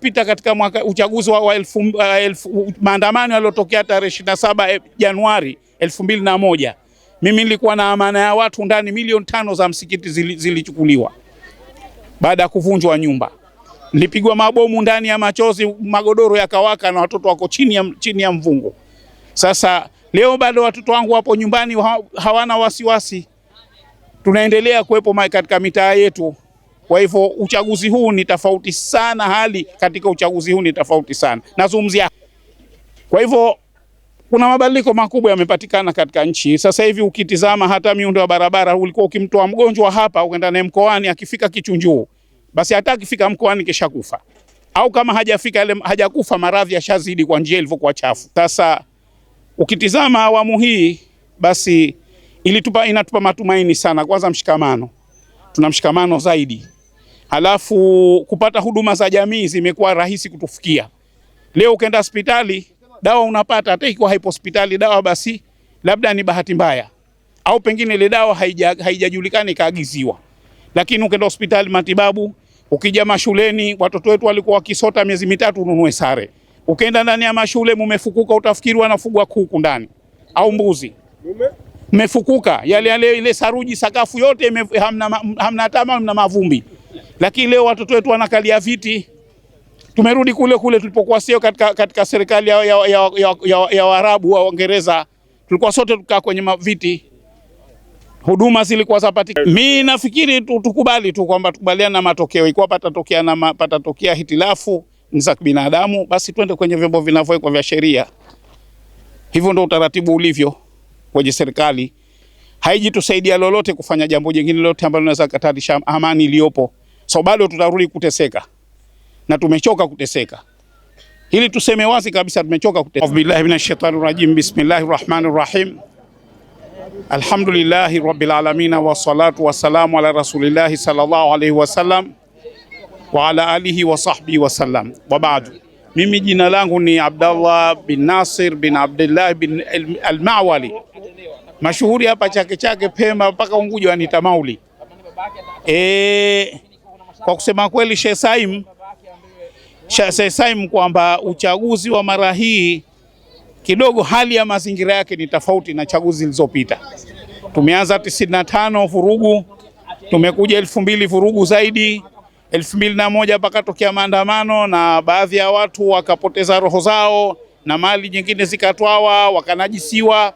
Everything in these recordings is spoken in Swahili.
Pita katika mwaka uchaguzi wa elfu, uh, elfu, maandamano yaliyotokea tarehe 27 eh, Januari 2001, mimi nilikuwa na amana ya watu ndani milioni tano za msikiti zilichukuliwa baada ya kuvunjwa nyumba. Nilipigwa mabomu ndani ya machozi, magodoro yakawaka na watoto wako chini ya, chini ya mvungu. Sasa leo bado watoto wangu wapo nyumbani hawana wasiwasi. Tunaendelea kuwepo katika mitaa yetu. Kwa hivyo uchaguzi huu ni tofauti sana, hali katika uchaguzi huu ni tofauti sana, nazungumzia. Kwa hivyo kuna mabadiliko makubwa yamepatikana katika nchi. Sasa hivi ukitizama hata miundo ya barabara, ulikuwa ukimtoa mgonjwa hapa ukaenda naye mkoani, akifika kichunjuu, basi hata akifika mkoani kisha kufa, au kama hajafika ile hajakufa, maradhi yashazidi kwa njia ilivyokuwa chafu. Sasa ukitizama awamu hii, basi ilitupa inatupa matumaini sana. Kwanza mshikamano, tuna mshikamano zaidi. Alafu kupata huduma za jamii zimekuwa rahisi kutufikia. Leo ukenda hospitali dawa unapata, hata ikiwa haipo hospitali dawa, basi labda ni bahati mbaya au pengine ile dawa haijajulikana haija ikaagiziwa, lakini ukenda hospitali matibabu. Ukija mashuleni, watoto wetu walikuwa wakisota miezi mitatu ununue sare. Ukenda ndani ya mashule, mumefukuka, utafikiri wanafugwa kuku ndani au mbuzi, mmefukuka yale yale, ile saruji, sakafu yote hamna, hamna tama, hamna mavumbi lakini leo watoto wetu wanakalia viti. Tumerudi kule kule tulipokuwa, sio katika, katika serikali ya, ya, ya, ya, ya, ya Waarabu wa Uingereza, tulikuwa sote tukaa kwenye viti, huduma zilikuwa zapatika. Mi nafikiri tukubali tu kwamba tukubaliana na matokeo, ikiwa patatokea na patatokea hitilafu ni za kibinadamu, basi twende kwenye vyombo vinavyowekwa vya sheria. Hivyo ndio utaratibu ulivyo kwenye serikali haijitusaidia lolote kufanya jambo jingine lolote ambalo linaweza katarisha amani iliyopo so bado tutarudi kuteseka na tumechoka kuteseka. Hili tuseme wazi kabisa, tumechoka kuteseka. Billahi minash shaitani rajim. Bismillahir rahmanir rahim. Alhamdulillahi rabbil alamin wa salatu wa ala rasulillahi sallallahu alayhi wa sallam wa ala alihi wa sahbihi wa sallam. Wa ba'du, mimi jina langu ni Abdallah bin Nasir bin Abdullah bin Al-Mawali, mashuhuri hapa Chake Chake, Pemba mpaka Unguja, anita Mauli eh kwa kusema kweli, Sheikh Saim, Sheikh Saim kwamba uchaguzi wa mara hii kidogo hali ya mazingira yake ni tofauti na chaguzi zilizopita. Tumeanza 95 vurugu, tumekuja elfu vurugu zaidi elfu mbili na moja pakatokea maandamano na baadhi ya watu wakapoteza roho zao na mali nyingine zikatwawa wakanajisiwa.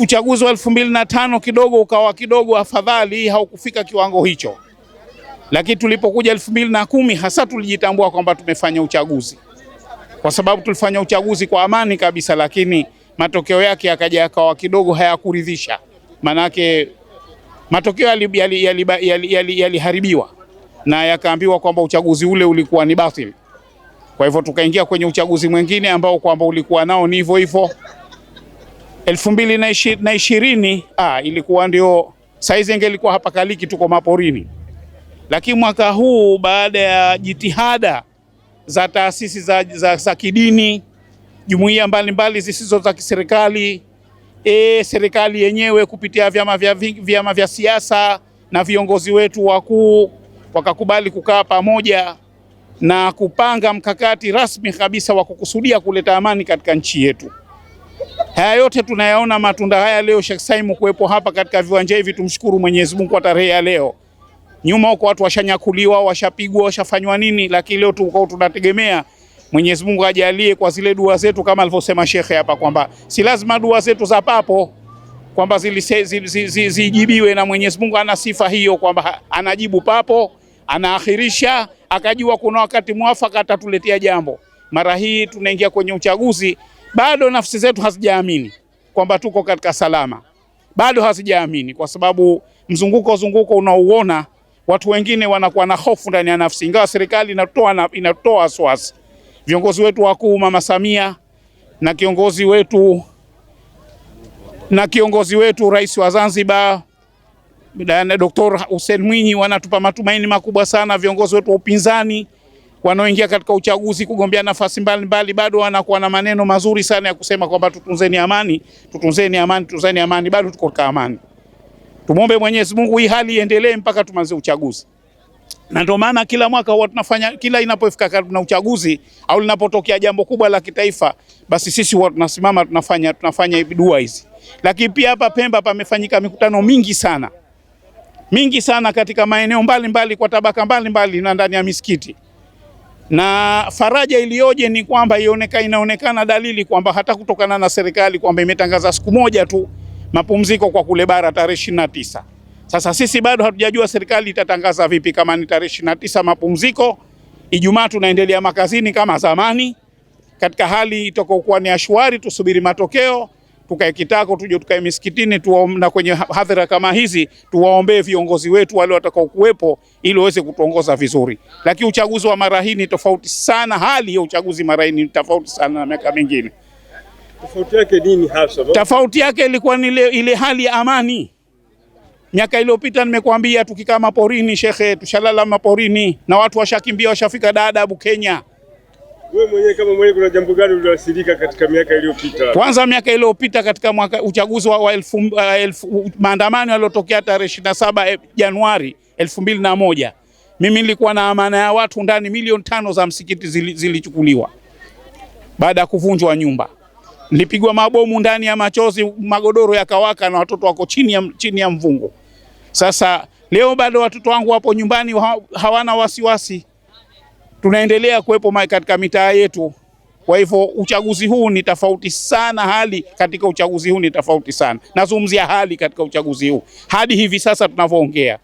Uchaguzi wa elfu mbili na tano kidogo ukawa kidogo afadhali, haukufika kiwango hicho. Lakini tulipokuja elfu mbili na kumi hasa tulijitambua kwamba tumefanya uchaguzi, kwa sababu tulifanya uchaguzi kwa amani kabisa, lakini matokeo yake yakaja yakawa kidogo hayakuridhisha, maanake matokeo yaliharibiwa yali, yali, yali, yali na yakaambiwa kwamba uchaguzi ule ulikuwa ni batil. Kwa hivyo tukaingia kwenye uchaguzi mwingine ambao kwamba ulikuwa nao ni hivyo hivyo. elfu mbili na ishirini ah, ilikuwa ndio saizi, ingelikuwa hapa kaliki tuko maporini. Lakini mwaka huu baada ya jitihada za taasisi za, za, za kidini, jumuiya mbalimbali zisizo za kiserikali e, serikali yenyewe kupitia vyama vya, vyama vya siasa na viongozi wetu wakuu wakakubali kukaa pamoja na kupanga mkakati rasmi kabisa wa kukusudia kuleta amani katika nchi yetu. Haya yote tunayaona matunda haya leo, Sheikh Saimu kuwepo hapa katika viwanja hivi. Tumshukuru Mwenyezi Mungu kwa tarehe ya leo. Nyuma huko watu washanyakuliwa, washapigwa, washafanywa nini, lakini leo tuko tunategemea Mwenyezi Mungu ajalie kwa zile dua zetu, kama alivyosema shekhe hapa kwamba si lazima dua zetu za papo kwamba zi, zi, zi, zi, na Mwenyezi Mungu ana sifa hiyo kwamba anajibu papo, anaakhirisha, akajua kuna wakati mwafaka atatuletea jambo. Mara hii tunaingia kwenye uchaguzi, bado nafsi zetu hazijaamini kwamba tuko katika salama, bado hazijaamini kwa sababu mzunguko zunguko unaouona watu wengine wanakuwa na hofu ndani ya nafsi, ingawa serikali inatoa inatoa wasiwasi. Viongozi wetu wakuu, Mama Samia na kiongozi wetu na kiongozi wetu Rais wa Zanzibar Dr. Hussein Mwinyi wanatupa matumaini makubwa sana. Viongozi wetu wa upinzani wanaoingia katika uchaguzi kugombea nafasi mbalimbali bado wanakuwa na maneno mazuri sana ya kusema kwamba tutunzeni amani, tutunzeni amani, tutunzeni amani, bado tuko katika amani. Tumwombe Mwenyezi Mungu hii hali iendelee mpaka tumanze uchaguzi, na ndio maana kila mwaka huwa tunafanya, kila inapofika karibu na uchaguzi au linapotokea jambo kubwa la kitaifa, basi sisi huwa tunasimama tunafanya tunafanya dua hizi. Lakini pia hapa Pemba pamefanyika mikutano mingi sana mingi sana katika maeneo mbalimbali mbali, kwa tabaka mbalimbali mbali, na ndani ya misikiti na faraja iliyoje ni kwamba ioneka, inaonekana dalili kwamba hata kutokana na serikali kwamba imetangaza siku moja tu mapumziko kwa kule bara tarehe 29. tisa. Sasa sisi bado hatujajua serikali itatangaza vipi, kama ni tarehe 29 mapumziko, Ijumaa tunaendelea makazini kama zamani. Katika hali itakokuwa ni ashwari, tusubiri matokeo, tukae kitako, tuje tukae misikitini na kwenye hadhara kama hizi, tuwaombee viongozi wetu wale kuwepo ili waweze kutuongoza vizuri. Lakini uchaguzi wa mara hii ni tofauti sana, hali ya uchaguzi mara hii ni tofauti sana na miaka mingine. Tofauti yake nini hasa? Tofauti yake ilikuwa ni ile hali ya amani. Miaka iliyopita nimekuambia, tukikaa maporini shekhe, tushalala maporini na watu washakimbia, washafika dadabu Kenya. Wewe mwenyewe kama mwenyewe, kuna jambo gani uliwasilika katika miaka iliyopita? Kwanza miaka iliyopita katika mwaka uchaguzi wa elfu, uh, elfu, maandamano yaliyotokea tarehe 27 eh, Januari 2001 mimi nilikuwa na amana ya watu ndani, milioni tano za msikiti zilichukuliwa zili baada ya kuvunjwa nyumba nilipigwa mabomu ndani ya machozi, magodoro yakawaka, na watoto wako chini ya, chini ya mvungu. Sasa leo bado watoto wangu wapo nyumbani, hawana wasiwasi. Tunaendelea kuwepo katika mitaa yetu. Kwa hivyo uchaguzi huu ni tofauti sana, hali katika uchaguzi huu ni tofauti sana. Nazungumzia hali katika uchaguzi huu hadi hivi sasa tunavyoongea,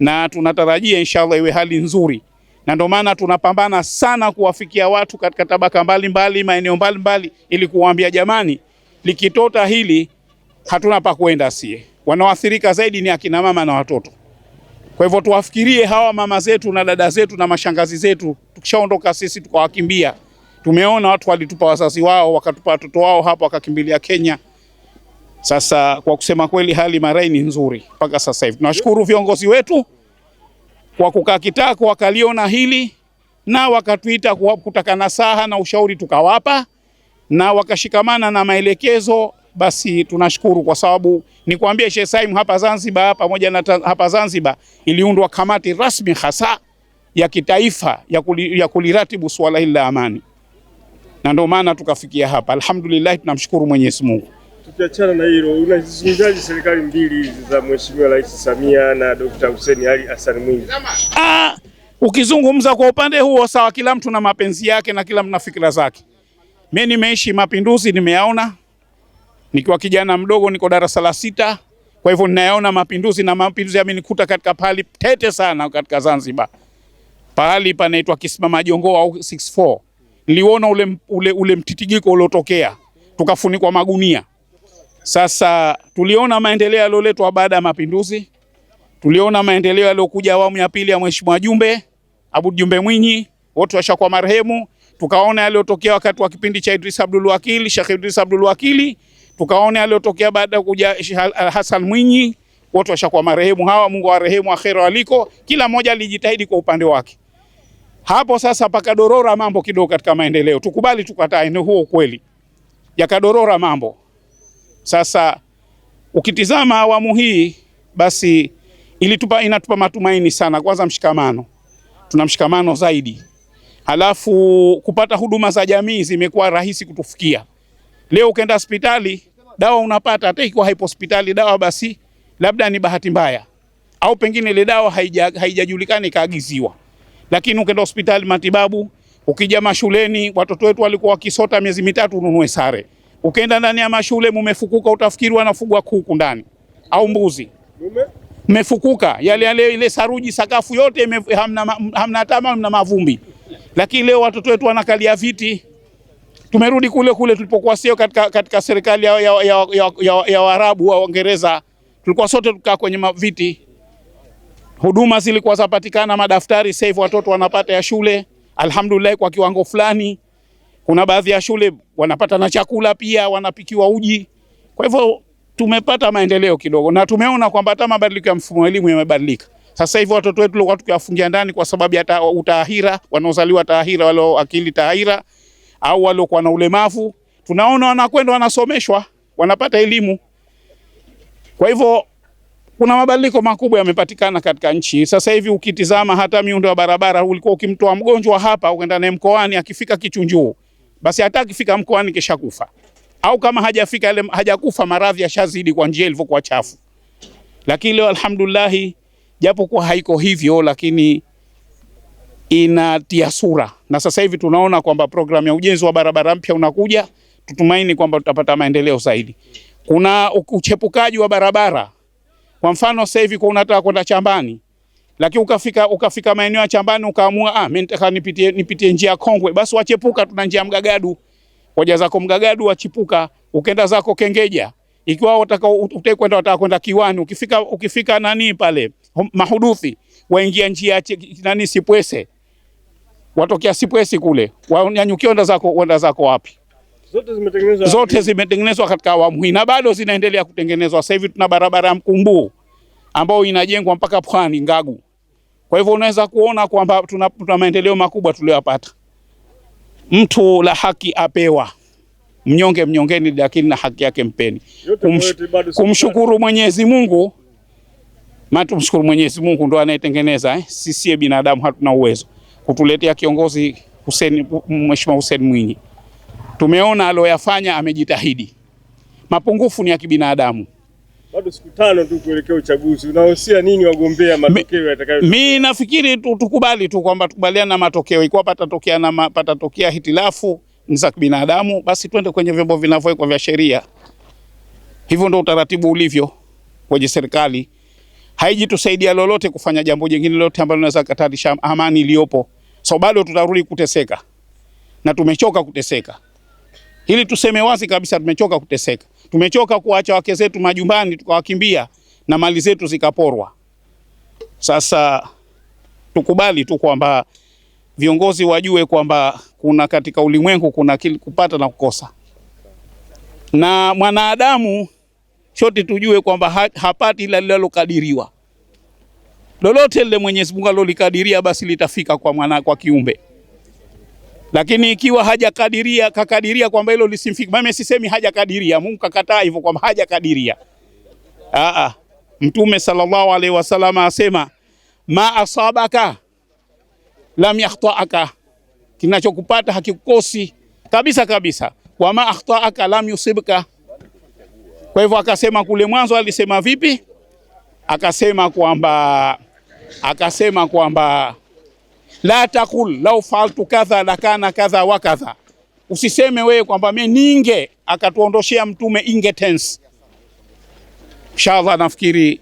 na tunatarajia inshallah iwe hali nzuri na ndio maana tunapambana sana kuwafikia watu katika tabaka mbalimbali, maeneo mbalimbali, ili kuwaambia jamani, likitota hili hatuna pa kwenda. Sie wanaoathirika zaidi ni akina mama na watoto. Kwa hivyo tuwafikirie hawa mama zetu na dada zetu na mashangazi zetu. Tukishaondoka sisi tukawakimbia, tumeona watu walitupa wazazi wao wakatupa watoto wao hapo wakakimbilia Kenya. Sasa kwa kusema kweli, hali Marai ni nzuri mpaka sasa hivi. Tunashukuru viongozi wetu kwa kukaa kitako wakaliona hili na wakatuita kutaka nasaha na ushauri tukawapa, na wakashikamana na maelekezo. Basi tunashukuru kwa sababu nikwambia, Sheikh Saim hapa Zanzibar pamoja na hapa Zanzibar iliundwa kamati rasmi hasa ya kitaifa ya, kuli, ya kuliratibu suala hili la amani, na ndio maana tukafikia hapa. Alhamdulillah, tunamshukuru Mwenyezi Mungu tukiachana na hilo, unazizungumzaje serikali mbili hizi za Mheshimiwa Rais Samia na Dr. Hussein Ali Hassan Mwinyi? Ah, ukizungumza kwa upande huo sawa, kila mtu na mapenzi yake na kila mtu na fikra zake. Mimi nimeishi mapinduzi, nimeyaona nikiwa kijana mdogo, niko darasa la sita. Kwa hivyo ninayaona mapinduzi na mapinduzi yamenikuta katika pahali tete sana katika Zanzibar, pahali panaitwa Kisimama Jongo au 64 niliona ule, ule, ule mtitigiko uliotokea tukafunikwa magunia. Sasa tuliona maendeleo yaliyoletwa baada ya mapinduzi, tuliona maendeleo yaliyokuja awamu ya pili ya Mheshimiwa Jumbe Abud Jumbe Mwinyi, wote washakuwa marehemu. Tukaona yaliyotokea wakati wa kipindi cha Idris Abdul Wakil, Sheikh Idris Abdul Wakili, tukaona yaliyotokea baada ya kuja Hassan Mwinyi, wote washakuwa marehemu hawa. Mungu awarehemu akhera waliko, kila mmoja alijitahidi kwa upande wake. Hapo sasa pakadorora mambo kidogo katika maendeleo, tukubali tukataa, ni huo ukweli, yakadorora mambo sasa ukitizama awamu hii basi ilitupa inatupa matumaini sana. Kwanza mshikamano, tuna mshikamano zaidi, halafu kupata huduma za jamii zimekuwa rahisi kutufikia. Leo ukenda hospitali dawa unapata, hata ikiwa haipo hospitali dawa, basi labda ni bahati mbaya au pengine ile dawa haijajulikana ikaagiziwa, lakini ukenda hospitali matibabu. Ukija mashuleni, watoto wetu walikuwa wakisota miezi mitatu ununue sare. Ukienda ndani ya mashule mumefukuka, utafikiri wanafugwa kuku ndani au mbuzi. Mmefukuka yale yale, ile saruji sakafu yote mef, hamna, hamna tama, hamna mavumbi. Lakini leo watoto wetu wanakalia viti. Tumerudi kule kule tulipokuwa, sio katika, katika serikali ya, ya, ya, ya, ya, ya Waarabu wa Uingereza, tulikuwa sote tukaa kwenye viti. Huduma zilikuwa zapatikana, madaftari sasa hivi watoto wanapata ya shule, alhamdulillah, kwa kiwango fulani. Kuna baadhi ya shule wanapata na chakula pia, wanapikiwa uji. Kwa hivyo tumepata maendeleo kidogo, na tumeona kwamba hata mabadiliko ya mfumo wa elimu yamebadilika. Sasa hivi watoto wetu tulikuwa tukiwafungia ndani kwa sababu ya utaahira, wanaozaliwa taahira, wale akili taahira au waliokuwa na ulemavu, tunaona wanakwenda wanasomeshwa, wanapata elimu. Kwa hivyo kuna mabadiliko makubwa yamepatikana katika nchi. Sasa hivi ukitizama hata miundo ya barabara, ulikuwa ukimtoa mgonjwa hapa ukaenda naye mkoani, akifika Kichunjuu basi hata akifika mkoani kesha kufa, au kama hajafika ile hajakufa, maradhi yashazidi kwa njia ilivyokuwa chafu. Lakini leo alhamdulillah, japo kwa haiko hivyo, lakini inatia sura, na sasa hivi tunaona kwamba programu ya ujenzi wa barabara mpya unakuja, tutumaini kwamba tutapata maendeleo zaidi. Kuna uchepukaji wa barabara, kwa mfano sasa hivi kwa unataka kwenda Chambani lakini ukafika ukafika maeneo ya Chambani ukaamua ah, mimi nataka nipitie nipitie njia kongwe, basi wachepuka, tuna njia Mgagadu, hoja zako Mgagadu, wachipuka, ukenda zako Kengeja, ikiwa wataka utaka kwenda wataka kwenda Kiwani, ukifika ukifika nani pale Mahuduthi, waingia njia nani Sipwese, watokea Sipwese kule wanyanyukia, wenda zako wenda zako wapi? Zote zimetengenezwa, zote zimetengenezwa katika awamu hii na bado zinaendelea kutengenezwa. Sasa hivi tuna barabara ya Mkumbuu ambayo inajengwa mpaka Pwani Ngagu. Kwa hivyo unaweza kuona kwamba tuna, tuna maendeleo makubwa tuliyopata. Mtu la haki apewa, mnyonge mnyongeni, lakini na haki yake mpeni. Kumsh, kumshukuru Mwenyezi Mungu ma tumshukuru Mwenyezi Mungu ndo anayetengeneza eh? Sisi binadamu hatuna uwezo kutuletea kiongozi Hussein, Mheshimiwa Hussein Mwinyi. Tumeona aloyafanya, amejitahidi. Mapungufu ni ya kibinadamu bado siku tano tu kuelekea uchaguzi, unahusia nini wagombea matokeo yatakayo? Mi nafikiri tu tukubali tu kwamba tukubaliana na matokeo, ikiwa patatokea na patatokea hitilafu ni za kibinadamu, basi twende kwenye vyombo vinavyowekwa vya sheria. Hivyo ndio utaratibu ulivyo kwenye serikali. Haiji tusaidia lolote kufanya jambo jingine lolote ambalo linaweza katarisha amani iliyopo, so bado tutarudi kuteseka na tumechoka kuteseka. Hili tuseme wazi kabisa, tumechoka kuteseka. Tumechoka kuacha wake zetu majumbani tukawakimbia na mali zetu zikaporwa. Sasa tukubali tu kwamba viongozi wajue kwamba kuna katika ulimwengu kuna kupata na kukosa, na mwanadamu shoti tujue kwamba ha, hapati ila lilalokadiriwa Lolote lile Mwenyezi Mungu alolikadiria basi litafika kwa mwana, kwa kiumbe. Lakini ikiwa hajakadiria kakadiria kwamba hilo lisimfiki, mimi sisemi hajakadiria, Mungu kakataa hivyo kwamba hajakadiria. Aa, Mtume sallallahu alaihi wasallam asema ma asabaka lam yakhtaaka, kinachokupata hakikosi kabisa kabisa. Wa ma akhtaaka lam yusibka. Kwa hivyo akasema kule mwanzo alisema vipi? Akasema kwamba akasema kwamba la takul lau faaltu kadha lakana kadha wa kadha, usiseme wewe kwamba mimi ninge akatuondoshea mtume inge tense. Inshallah nafikiri